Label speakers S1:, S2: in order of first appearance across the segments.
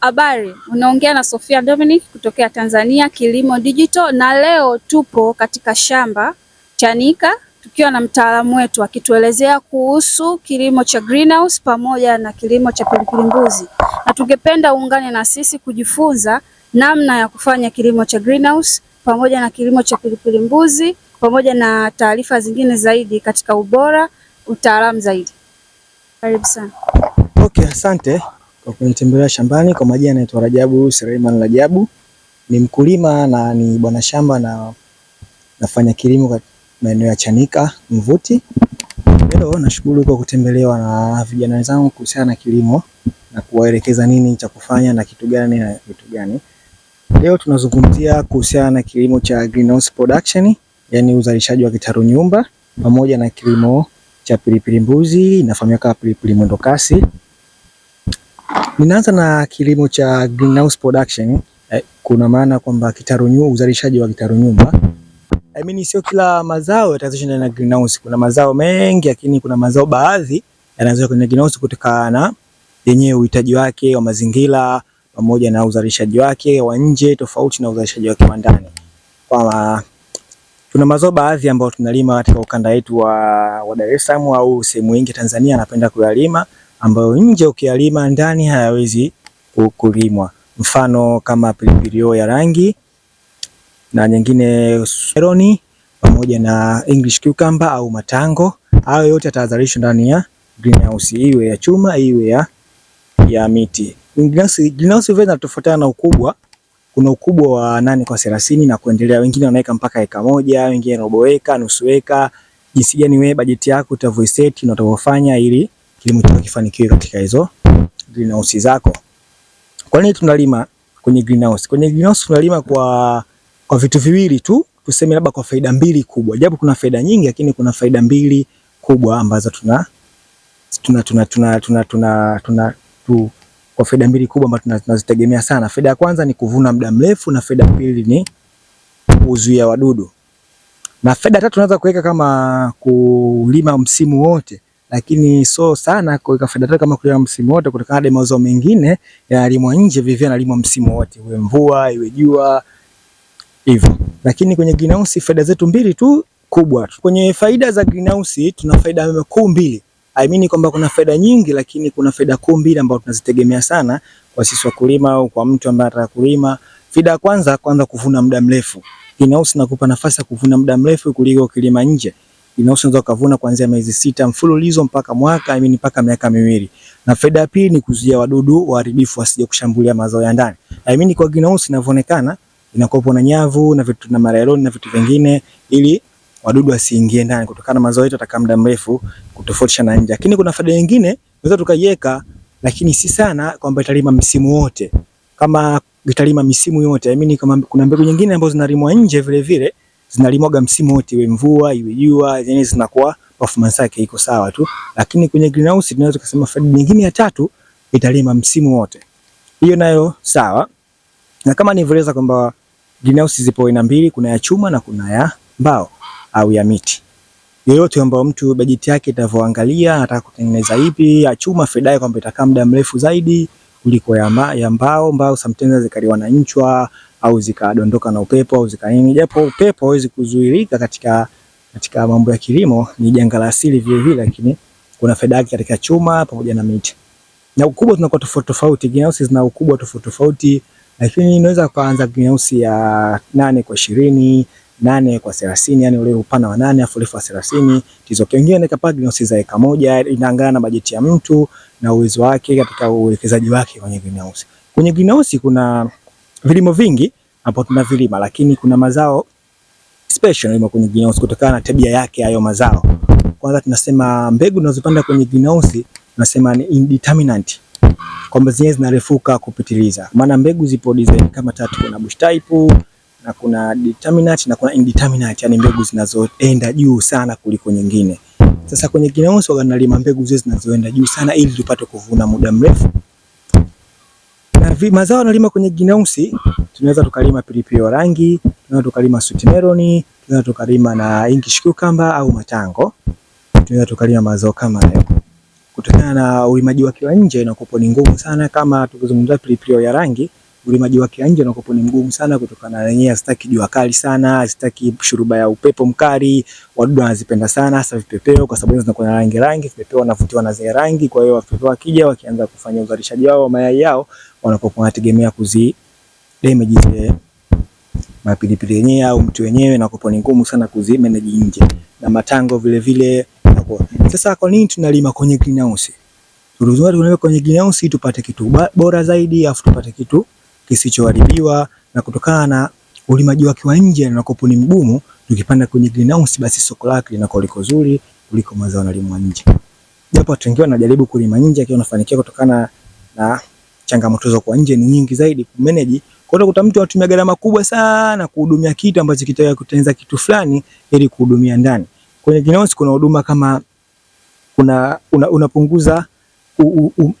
S1: Habari, unaongea na Sofia Dominic kutokea Tanzania Kilimo Digital, na leo tupo katika shamba Chanika tukiwa na mtaalamu wetu akituelezea kuhusu kilimo cha greenhouse pamoja na kilimo cha pilipili mbuzi, na tungependa uungane na sisi kujifunza namna ya kufanya kilimo cha greenhouse pamoja na kilimo cha pilipili mbuzi pamoja na taarifa zingine zaidi katika ubora, utaalamu zaidi. Karibu sana.
S2: Okay, asante kwa kunitembelea shambani. Kwa majina naitwa Rajabu Suleiman Rajabu, ni mkulima na ni bwana shamba na nafanya kilimo maeneo ya Chanika Mvuti. Leo nashukuru kwa kutembelewa na vijana wenzangu kuhusiana na kilimo na kuwaelekeza nini cha kufanya na kitu gani na kitu gani. Leo tunazungumzia kuhusiana na kilimo cha greenhouse production, yani uzalishaji wa kitaru nyumba pamoja na kilimo cha pilipili mbuzi inafahamika pilipili mwendokasi Ninaanza na kilimo cha greenhouse production eh, kuna maana kwamba kitaru nyumba, uzalishaji wa kitaru nyumba. I mean, sio kila mazao yatazalishwa ndani ya greenhouse. Kuna mazao mengi, lakini kuna mazao baadhi yanazalishwa kwenye greenhouse kutokana na yenyewe uhitaji wake wa mazingira pamoja na uzalishaji wake wa nje tofauti na uzalishaji wake wa ndani. Kwa tuna mazao baadhi ambayo tunalima katika ukanda wetu wa Dar es Salaam au sehemu nyingi Tanzania anapenda kuyalima ambayo nje ukiyalima ndani hayawezi kulimwa, mfano kama pilipili hoho ya rangi na nyingine seroni, pamoja na English cucumber au matango. Hayo yote yatazalishwa ndani ya greenhouse, iwe ya chuma iwe ya, ya miti. Greenhouse vile inatofautiana na ukubwa kuna ukubwa wa nane kwa thelathini na kuendelea. Wengine wanaweka mpaka eka moja, wengine robo eka, nusu eka. Jinsi gani wewe bajeti yako utavyoiset na utavyofanya ili kilimo chako kifanikiwe katika hizo greenhouse zako. Kwa nini tunalima kwenye greenhouse? Kwenye greenhouse tunalima kwa kwa vitu viwili tu, tuseme labda kwa faida mbili kubwa, japo kuna faida nyingi, lakini kuna faida mbili kubwa ambazo tuna tuna tuna tuna tuna tuna, tuna tu, kwa faida mbili kubwa ambazo tunazitegemea sana. Faida ya kwanza ni kuvuna muda mrefu na faida ya pili ni kuzuia wadudu. Na faida tatu unaweza kuweka kama kulima msimu wote lakini so sana kuweka faida kama kulima msimu wote, kutokana na mazao mengine yanalimwa nje, vivyo na yanalimwa msimu wote, iwe mvua iwe jua hivyo. Lakini kwenye greenhouse faida zetu mbili tu kubwa. Kwenye faida za greenhouse tuna faida kuu mbili. I mean kwamba kuna faida nyingi, lakini kuna faida kuu mbili ambazo tunazitegemea sana kwa sisi wakulima au kwa mtu ambaye anataka kulima. Faida ya kwanza, kwanza kuvuna muda mrefu. Greenhouse inakupa nafasi ya kuvuna muda mrefu kuliko kilima nje inahusu unaweza kuvuna kuanzia miezi sita mfululizo mpaka mwaka, I mean mpaka miaka miwili. Na faida ya pili ni kuzuia wadudu waharibifu wasije kushambulia mazao ya ndani. I mean kwa greenhouse inavyoonekana inakuwa na nyavu na vitu na mareloni na vitu vingine ili wadudu wasiingie ndani kutokana na mazao yetu yatakaa muda mrefu kutofautisha na nje. Lakini kuna faida nyingine unaweza tukaiweka, lakini si sana kwamba italima msimu wote. Kama italima misimu yote. I mean kama kuna mbegu nyingine ambazo zinalimwa nje vile vile zinalimwaga msimu wote, iwe mvua iwe jua, yani zinakuwa performance yake iko sawa tu. Lakini kwenye greenhouse tunaweza kusema faida nyingine ya tatu, italima msimu wote, hiyo nayo sawa. Na kama nilivyoeleza kwamba greenhouse zipo aina mbili, kuna ya chuma na kuna ya mbao au ya miti yoyote ambayo mtu bajeti yake itavyoangalia anataka kutengeneza ipi. Ya chuma faida kwamba itakaa muda mrefu zaidi kuliko ya, ya mbao. Mbao sometimes zikaliwa na nchwa au zikadondoka na upepo au zika nini, japo upepo hawezi kuzuilika katika, katika mambo ya kilimo, ni janga la asili vile vile, lakini kuna faida yake katika chuma pamoja na miti. Na ukubwa tunakuwa tofauti tofauti, greenhouse zina ukubwa tofauti tofauti, lakini inaweza kuanza greenhouse ya nane kwa ishirini nane kwa thelathini yani ule upana wa nane afu urefu wa thelathini tizo kingine ni kapa greenhouse za eka moja, inaangana na bajeti ya mtu na uwezo wake katika uwekezaji wake kwenye greenhouse. Kwenye greenhouse kuna vilimo vingi ambapo tuna vilima, lakini kuna mazao special yalimo kwenye greenhouse kutokana na tabia yake hayo mazao. Kwanza tunasema mbegu tunazopanda kwenye greenhouse tunasema ni indeterminant, kwamba zenyewe zinarefuka kupitiliza. Maana mbegu zipo design kama tatu, kuna bush type na kuna determinant na kuna indeterminant, yani mbegu zinazoenda juu sana kuliko nyingine. Sasa kwenye greenhouse wanalima mbegu zile zinazoenda juu sana ili tupate kuvuna muda mrefu mazao analima kwenye ginausi, tunaweza tukalima pilipili rangi, tunaweza tukalima sweet melon, tunaweza tukalima na English cucumber au matango, tunaweza tukalima mazao kama hayo. Kutokana na ulimaji wake wa nje inakuwa ni ngumu sana, kama tukizungumza pilipili ya rangi ulimaji wake nje na ni mgumu sana kutokana na yeye asitaki jua kali sana, asitaki shuruba ya upepo mkali. Wadudu wanazipenda sana hasa vipepeo kwa sababu zinakuwa na rangi rangi, vipepeo wanavutiwa na zile rangi. Kwa hiyo vipepeo wakija wakianza kufanya uzalishaji wao wa mayai yao wanapokuwa wanategemea kuzi damage zile mapilipili yenyewe au mtu wenyewe na nakuwa ni ngumu sana kuzi manage nje na matango vile vile. Sasa kwa nini tunalima kwenye greenhouse? Tunaweka kwenye greenhouse tupate kitu bora zaidi afu tupate kitu kisichoharibiwa, na kutokana na ulimaji wake wa nje na kopo ni mgumu, tukipanda kwenye greenhouse, basi soko lake linakuwa liko zuri kuliko mazao yanalimwa nje. Japo watu wengi wanajaribu kulima nje, akiwa anafanikiwa kutokana na changamoto za kwa nje ni nyingi zaidi ku manage. Kwa hiyo utakuta mtu anatumia gharama kubwa sana kuhudumia kitu ambacho kitaweza kutengeneza kitu fulani ili kuhudumia ndani. Kwenye greenhouse kuna huduma kama kuna unapunguza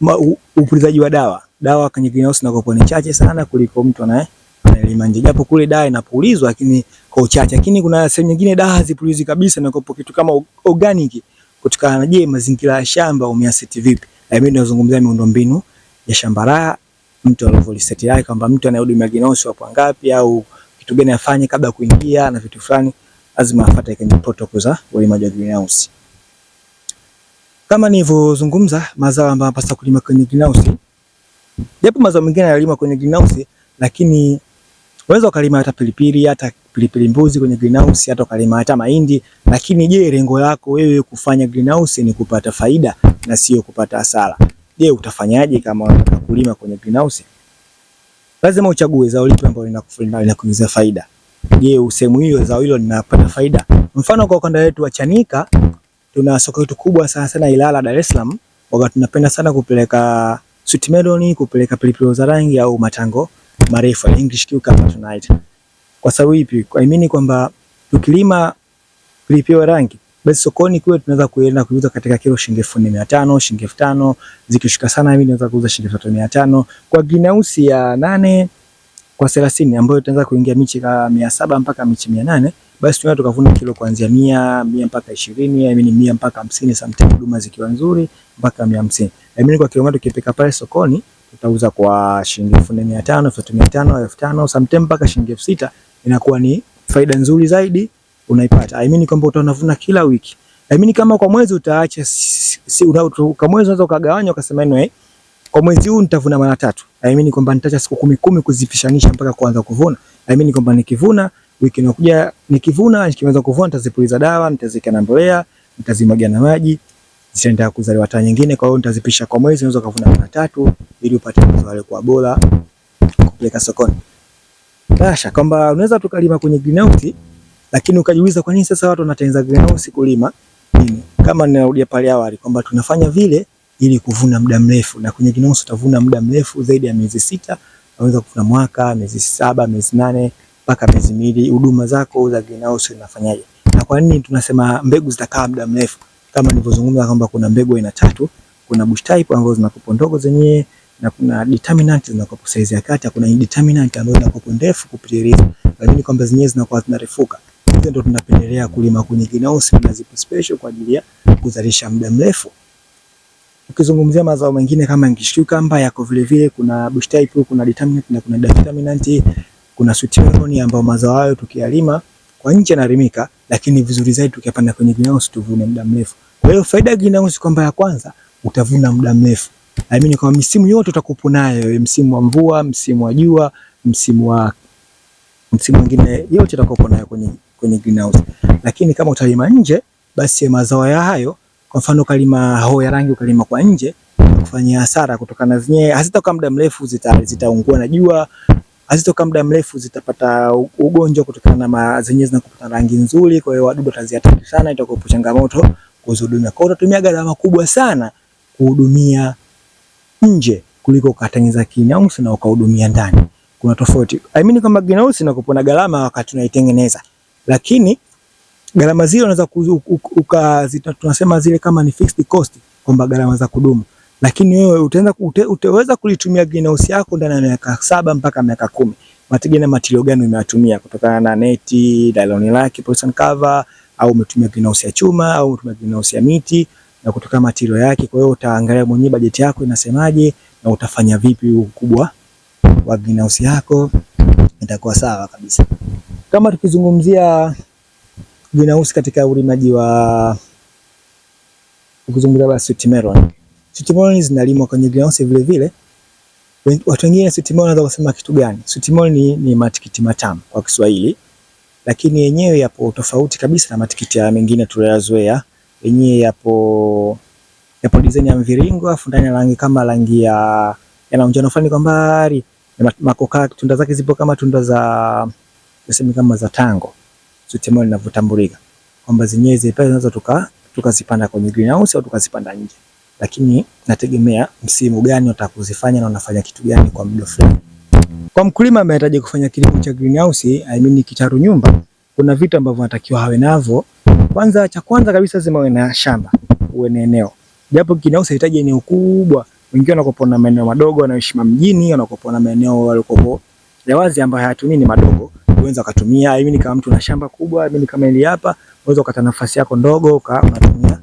S2: una, upulizaji wa dawa dawa kwenye greenhouse na kopo ni chache sana kuliko mtu anaye analima nje, japo kule dawa inapulizwa lakini kwa uchache, lakini kuna sehemu nyingine dawa hazipulizi kabisa na kopo kitu kama organic, kutokana na je, mazingira ya shamba umeaseti vipi? Na Mimi nazungumzia miundombinu ya shamba la mtu alivyoliseti yake, kwamba mtu anayehudumia greenhouse wapo ngapi au kitu gani afanye kabla ya kuingia na vitu fulani, lazima afuate kwenye protocol za ulimaji wa greenhouse. Kama nilivyozungumza mazao ambayo yanapaswa kulima kwenye greenhouse Japo mazao mengine yanalimwa kwenye greenhouse, lakini unaweza ukalima hata pilipili, hata pilipili mbuzi kwenye greenhouse, hata ukalima hata mahindi. Lakini je, lengo lako wewe kufanya greenhouse ni kupata faida na sio kupata hasara? Je, utafanyaje kama unataka kulima kwenye greenhouse? Lazima uchague zao lipi ambalo na kuongeza faida. Je, sehemu hiyo zao hilo linapata faida? Mfano kwa ukanda wetu wa Chanika tuna soko letu kubwa sana sana Ilala, Dar es Salaam, wakati tunapenda sana kupeleka sweet melon kupeleka pilipili za rangi au matango marefu English cucumber tonight. Kwa sababu ipi? I mean kwamba tukilima pilipili wa rangi basi sokoni kule tunaweza kuenda kuuza katika kilo shilingi 1500, shilingi 5000, zikishuka sana mimi naweza kuuza shilingi 3500 kwa greenhouse ya nane kwa 30 ambayo itaanza kuingia michi ka mia saba mpaka michi mia nane basi tunaweza tukavuna kilo kuanzia mia, mia mpaka ishirini, I mean mia mpaka hamsini sometimes huduma zikiwa nzuri mpaka mia hamsini. I mean kwa kilo moja tukipeka pale sokoni tutauza kwa shilingi elfu nne mia tano, elfu tatu mia tano, elfu tano sometimes mpaka shilingi elfu sita inakuwa ni faida nzuri zaidi unaipata. I mean kwamba utavuna kila wiki. I mean kama kwa mwezi utaacha si, si, kwa mwezi unaweza ukagawanya ukasema anyway kwa mwezi huu nitavuna mara tatu. I mean kwamba nitaacha siku kumi kumi kuzipishanisha mpaka kuanza kuvuna. I mean kwamba nikivuna wiki inayokuja, nikivuna nikiweza kuvuna nitazipuliza dawa, nitazika na mbolea, nitazimwagia na maji, zitaenda kuzaliwa taa nyingine. Kwa hiyo nitazipisha kwa mwezi, naweza kuvuna mara tatu ili upate mazao yale kwa bora kupeleka sokoni. Kasha kwamba unaweza tukalima kwenye greenhouse, lakini ukajiuliza kwa nini sasa watu wanatengeneza greenhouse kulima nini? Kama ninarudia pale awali kwamba tunafanya vile ili kuvuna muda mrefu, na kwenye kinosi utavuna muda mrefu zaidi ya miezi sita, unaweza kuvuna mwaka, miezi saba, miezi nane mpaka miezi miwili. Huduma zako za greenhouse unafanyaje? Na kwa nini tunasema mbegu zitakaa muda mrefu? Kama nilivyozungumza kwamba kuna mbegu aina tatu, kuna bush type ambazo zinakopo ndogo zenyewe na kuna determinant zinakopo size ya kati, kuna indeterminant ambazo zinakopo ndefu kupitiliza, lakini kwamba zenyewe zinakuwa zinarefuka. Hizo ndio tunapendelea kulima kwenye greenhouse na zipo special kwa ajili ya kuzalisha muda mrefu. Ukizungumzia mazao mengine kama ngishuka yako vile vile kuna bush type, kuna determinant na kuna determinant, kuna sweet ambao mazao hayo tukiyalima kwa nje yanalimika, lakini vizuri zaidi tukiyapanda kwenye greenhouse tuvune muda mrefu. Kwa hiyo faida ya greenhouse kwamba ya kwanza utavuna muda mrefu. Naamini kwa misimu yote utakupo nayo, msimu wa mvua, msimu wa jua, msimu wa msimu mwingine yote utakupo nayo kwenye kwenye greenhouse. Lakini kama utalima nje basi mazao ya hayo kwa mfano kalima ho ya rangi ukalima kwa nje kufanya hasara kutokana zenyewe hazitoka muda mrefu zita, zitaungua na jua, hazitoka muda mrefu zitapata ugonjwa kutokana na zenyewe zinakupata rangi nzuri, kwa hiyo wadudu wataziathiri sana, itakuwa changamoto kuzihudumia. Kwa hiyo utatumia gharama kubwa sana kuhudumia nje kuliko ukatengeneza greenhouse na ukahudumia ndani. Kuna tofauti. I mean kama greenhouse na kupona gharama wakati unaitengeneza. Lakini Gharama zile unaweza ukazita, tunasema zile kama ni fixed cost, kwamba gharama za kudumu, lakini wewe utaanza utaweza kulitumia greenhouse yako ndani ya miaka saba mpaka miaka kumi, mategemea material gani umeatumia, kutokana na neti, nylon lake, poison cover, au umetumia greenhouse ya chuma au umetumia greenhouse ya miti na kutoka material yake. Kwa hiyo utaangalia mwenyewe bajeti yako inasemaje na utafanya vipi ukubwa wa greenhouse yako, itakuwa sawa kabisa. Kama tukizungumzia greenhouse katika ulimaji wa basi sweet melon. Sweet melon zinalimwa kwenye greenhouse vile vile. Watu wengine sweet melon wanaweza kusema kitu gani? Sweet melon ni, ni matikiti matamu kwa Kiswahili, lakini yenyewe yapo tofauti kabisa na matikiti ya mengine tuliyoyazoea. Yenyewe yapo yapo design ya mviringo afu ndani ya rangi kama rangi ya yana unjano fulani kwa mbali, makoka tunda zake zipo kama tunda za nasema kama za tango sodium linavyotambulika kwamba zenyewe zile pale tunaweza tuka tukazipanda kwenye greenhouse au tukazipanda nje, lakini nategemea msimu gani utakuzifanya na unafanya kitu gani kwa muda fulani. Kwa mkulima ambaye anahitaji kufanya kilimo cha greenhouse, I mean kitaru nyumba, kuna vitu ambavyo anatakiwa awe navyo. Kwanza, cha kwanza kabisa lazima uwe na shamba, uwe na eneo. Japo greenhouse inahitaji eneo kubwa, wengine wanakopa na maeneo madogo, wanaishi mjini, wanakopa na maeneo walikopo ya wazi ambayo hayatumii ni madogo ambapo unaweza ukatumia. Mimi kama mtu na shamba kubwa, mimi kama hili hapa, unaweza ukata nafasi yako ndogo ukatumia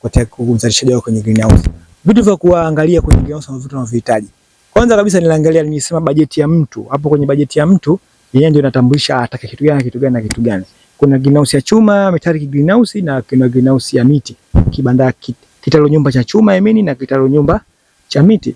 S2: kwa uzalishaji wako kwenye greenhouse. Vitu vya kuangalia kwenye greenhouse na vitu tunavyohitaji. Kwanza kabisa niliangalia, nilisema bajeti ya mtu. Hapo kwenye bajeti ya mtu yeye ndio inatambulisha atake kitu gani, kitu gani na kitu gani. Kuna greenhouse ya chuma, metallic greenhouse na kuna greenhouse ya miti. Kibanda kitalo nyumba cha chuma imini na kitalo nyumba cha miti.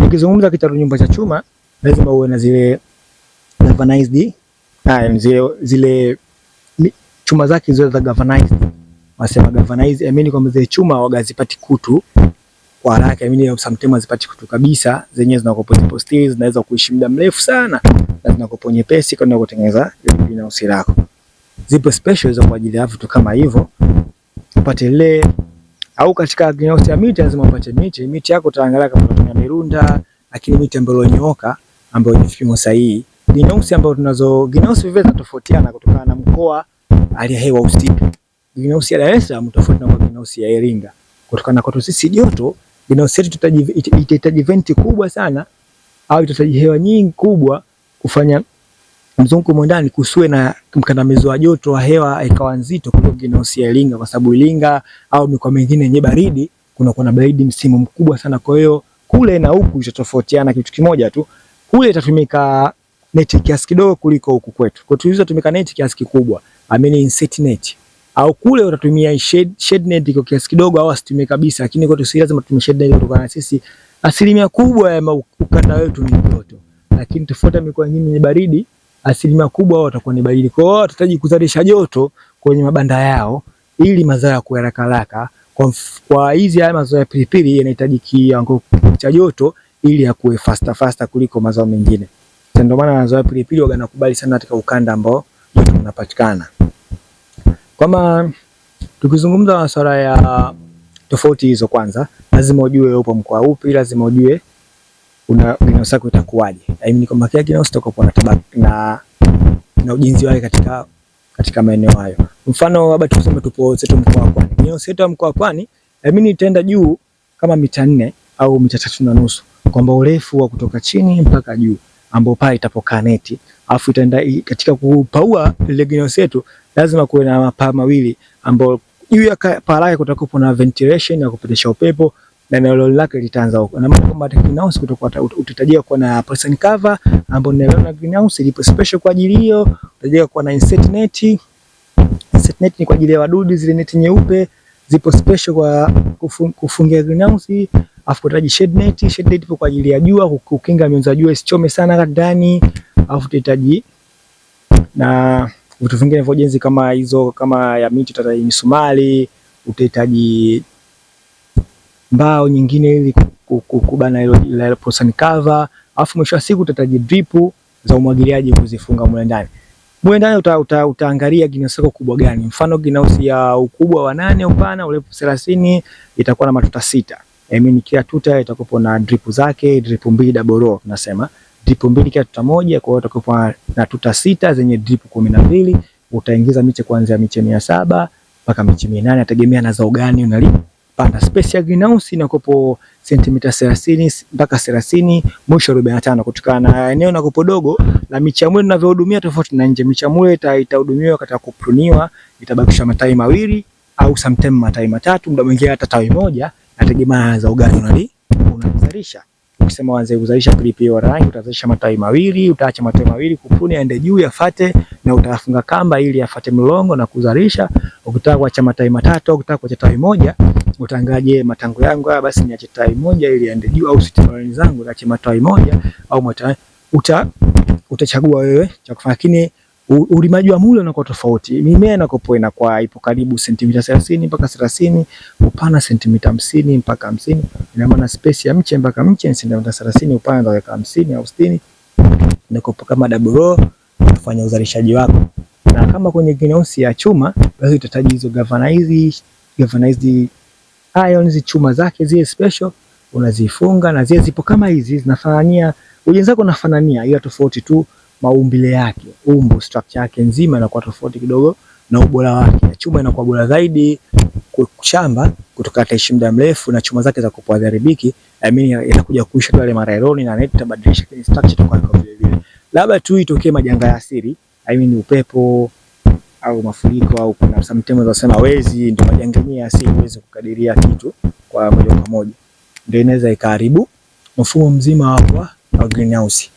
S2: Nikizungumza kitalo nyumba cha chuma lazima uwe na zile galvanized time zile, zile chuma zake zile za galvanized, wasema galvanized, I mean kwamba zile chuma waga zipati kutu kwa haraka, I mean sometimes zipati kutu kabisa, zenyewe zinakopo zipo steel, zinaweza kuishi muda mrefu sana na zinakopo nyepesi kwenda kutengeneza greenhouse lako. Zipo special za kwa ajili ya vitu kama hivyo, upate ile au katika greenhouse ya miti lazima upate miti. Miti yako utaangalia kama unatumia mirunda, lakini miti ambayo iliyonyooka ambayo ni fimo sahihi Ginyausi ambayo tunazo ginyausi vivyo zinatofautiana kutokana na mkoa, hali ya hewa husika. Ginyausi ya Dar es Salaam tofauti na ginyausi ya Iringa. Kutokana kwa kwetu sisi joto, ginyausi yetu itahitaji venti kubwa sana au itahitaji hewa nyingi kubwa kufanya mzunguko ndani kusiwe na mkandamizo wa joto wa hewa ikawa nzito kuliko ginyausi ya Iringa, kwa sababu Iringa au mikoa mingine yenye baridi kuna kuna baridi msimu mkubwa sana. Kwa hiyo kule na huku itatofautiana kitu kimoja tu, kule itatumika neti kiasi kidogo kuliko huku kwetu. Kwa hiyo tumika neti kiasi kikubwa. I mean inset net. Au kule utatumia shed, shed net kwa kiasi kidogo au asitumie kabisa, lakini kwetu si lazima tumie shed net kutokana na sisi asilimia kubwa ya ukanda wetu ni joto. Lakini tofauti na mikoa mingine ni baridi, asilimia kubwa wao watakuwa ni baridi. Kwa hiyo watahitaji kuzalisha joto kwenye mabanda yao ili mazao yawe haraka haraka. Kwa hizi haya mazao ya pilipili yanahitaji kiwango cha joto ili yakue faster faster kuliko mazao mengine. Sasa Ndio maana wanazoea pilipili waga nakubali sana katika ukanda ambao joto linapatikana. Kama tukizungumza masuala ya tofauti hizo, kwanza lazima ujue upo mkoa upi, lazima ujue una binafsi yako itakuwaje. I mean kwamba kila kina kwa tabaka na na ujenzi wake katika katika maeneo hayo. Mfano labda tuseme tupo zetu mkoa wa Pwani. Ni zetu mkoa wa Pwani, I mean itaenda juu kama mita nne au mita tatu na nusu kwamba urefu wa kutoka chini mpaka juu ambapo pale itapokaa neti, afu itaenda katika kupaua legumes yetu lazima kuwe na mapaa mawili ambapo juu ya paa lake kutakuwa na ventilation ya kupitisha upepo na eneo lake litaanza huko, na maana kwamba greenhouse kutakuwa utahitajia kuwa na person cover ambapo eneo la greenhouse ilipo special kwa ajili hiyo. Utahitajia kuwa na inset net. Inset net ni kwa ajili ya wadudu, zile neti nyeupe zipo special kwa kufungia greenhouse. Alafu tutahitaji shade net. Shade net ipo kwa ajili ya jua, kukinga mionzi ya jua isichome sana hata ndani. Alafu tutahitaji na vitu vingine vya ujenzi kama hizo, kama ya miti tutahitaji misumari, utahitaji mbao nyingine ili kubana ile person cover. Alafu mwisho wa siku utahitaji drip za umwagiliaji kuzifunga mule ndani. Mule ndani uta, uta, utaangalia greenhouse yako kubwa gani. Mfano greenhouse ya ukubwa wa nane upana urefu 30 itakuwa na matuta sita. I mean kila tuta itakuwa na drip zake, drip mbili double row tunasema. Drip mbili kila tuta moja, kwa hiyo itakuwa na tuta sita zenye drip kumi na mbili. Utaingiza miche kuanzia miche mia saba mpaka miche mia nane ategemea na zao gani unalipanda. Space ya greenhouse inakuwa sentimita 30 mpaka 30 mwisho 45 kutokana na eneo na kopo dogo la miche mwe tunavyohudumia tofauti na nje. Miche mwe itahudumiwa katika kupruniwa, itabakisha matawi mawili au sometime matawi matatu, muda mwingine hata tawi moja nategemea zao gani unali unazalisha. Ukisema uanze kuzalisha pilipili ya rangi, utazalisha matawi mawili, utaacha matawi mawili kufuni aende juu yafate, na utafunga kamba ili afate mlongo na kuzalisha. Ukitaka kuacha matawi matatu au ukitaka kuacha tawi moja, utangaje matango yangu haya, basi niache tawi moja ili aende juu, au sitimalani zangu niache matawi moja au matawi uta utachagua wewe cha kufanya, lakini ulimaji wa mule unakuwa tofauti. Mimea inakopoa inakuwa ipo karibu sentimita 30 mpaka 30, upana sentimita 50 mpaka 50. Ina maana space ya mche mpaka mche ni sentimita 30, upana ndio 50 au 60. Inakopoa kama double row kufanya uzalishaji wako, na kama kwenye greenhouse ya chuma, basi utahitaji hizo galvanized galvanized ions chuma zake zile special unazifunga, na zile zipo kama hizi zinafanania, ujenzi wako unafanania, ila tofauti tu maumbile yake, umbo structure yake nzima inakuwa tofauti kidogo na ubora wake. Chuma inakuwa bora zaidi kwa kuchamba kutoka ataishi muda mrefu na chuma zake za kupwa dharibiki, I mean inakuja kuisha mara ironi na net tabadilisha kwenye structure itakuwa kwa vile vile, labda tu itokee majanga ya asili, I mean upepo au mafuriko au kuna sometimes wasema wezi, ndio majanga ya asili, huwezi kukadiria kitu kwa moja kwa moja, ndio inaweza ikaharibu mfumo mzima wa greenhouse.